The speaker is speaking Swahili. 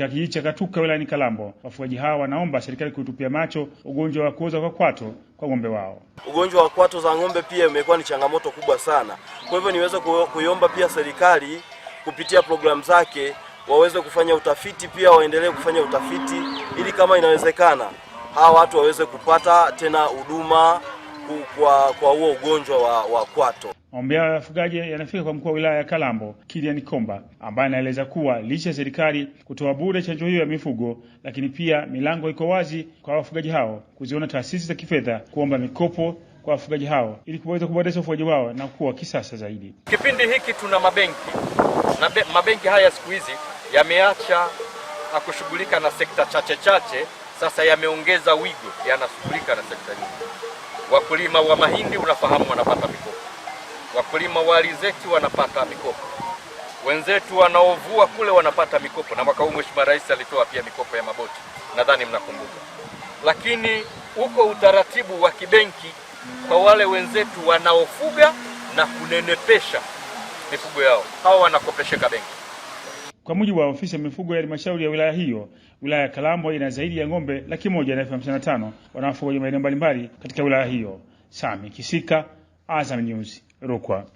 katika kijiji cha Katuka wilayani Kalambo. Wafugaji hawa wanaomba serikali kuitupia macho ugonjwa wa kuoza kwa kwato kwa ng'ombe wao. Ugonjwa wa kwato za ng'ombe pia imekuwa ni changamoto kubwa sana, kwa hivyo niweze kuiomba pia serikali kupitia programu zake waweze kufanya utafiti pia, waendelee kufanya utafiti ili kama inawezekana hawa watu waweze kupata tena huduma kwa kwa huo ugonjwa wa, wa kwato. Maombi hayo ya wafugaji yanafika kwa mkuu wa wilaya ya Kalambo Kilian Komba, ambaye anaeleza kuwa licha ya serikali kutoa bure chanjo hiyo ya mifugo, lakini pia milango iko wazi kwa wafugaji hao kuziona taasisi za kifedha kuomba mikopo kwa wafugaji hao ili kuweza kuboresha ufugaji wao na kuwa kisasa zaidi. Kipindi hiki tuna mabenki na mabenki haya siku hizi yameacha na kushughulika na sekta chache chache, sasa yameongeza wigo, yanashughulika na Wakulima wa mahindi unafahamu wanapata mikopo, wakulima wa alizeti wanapata mikopo, wenzetu wanaovua kule wanapata mikopo, na mwaka huu Mheshimiwa Rais alitoa pia mikopo ya maboti, nadhani mnakumbuka. Lakini uko utaratibu wa kibenki kwa wale wenzetu wanaofuga na kunenepesha mifugo yao, hao wanakopesheka benki. Kwa mujibu wa ofisi ya mifugo ya halmashauri ya wilaya hiyo, wilaya ya kalambo ina zaidi ya ng'ombe laki moja na elfu hamsini na tano wanaofugwa kwenye maeneo mbalimbali katika wilaya hiyo. Sami Kisika, Azam News, Rukwa.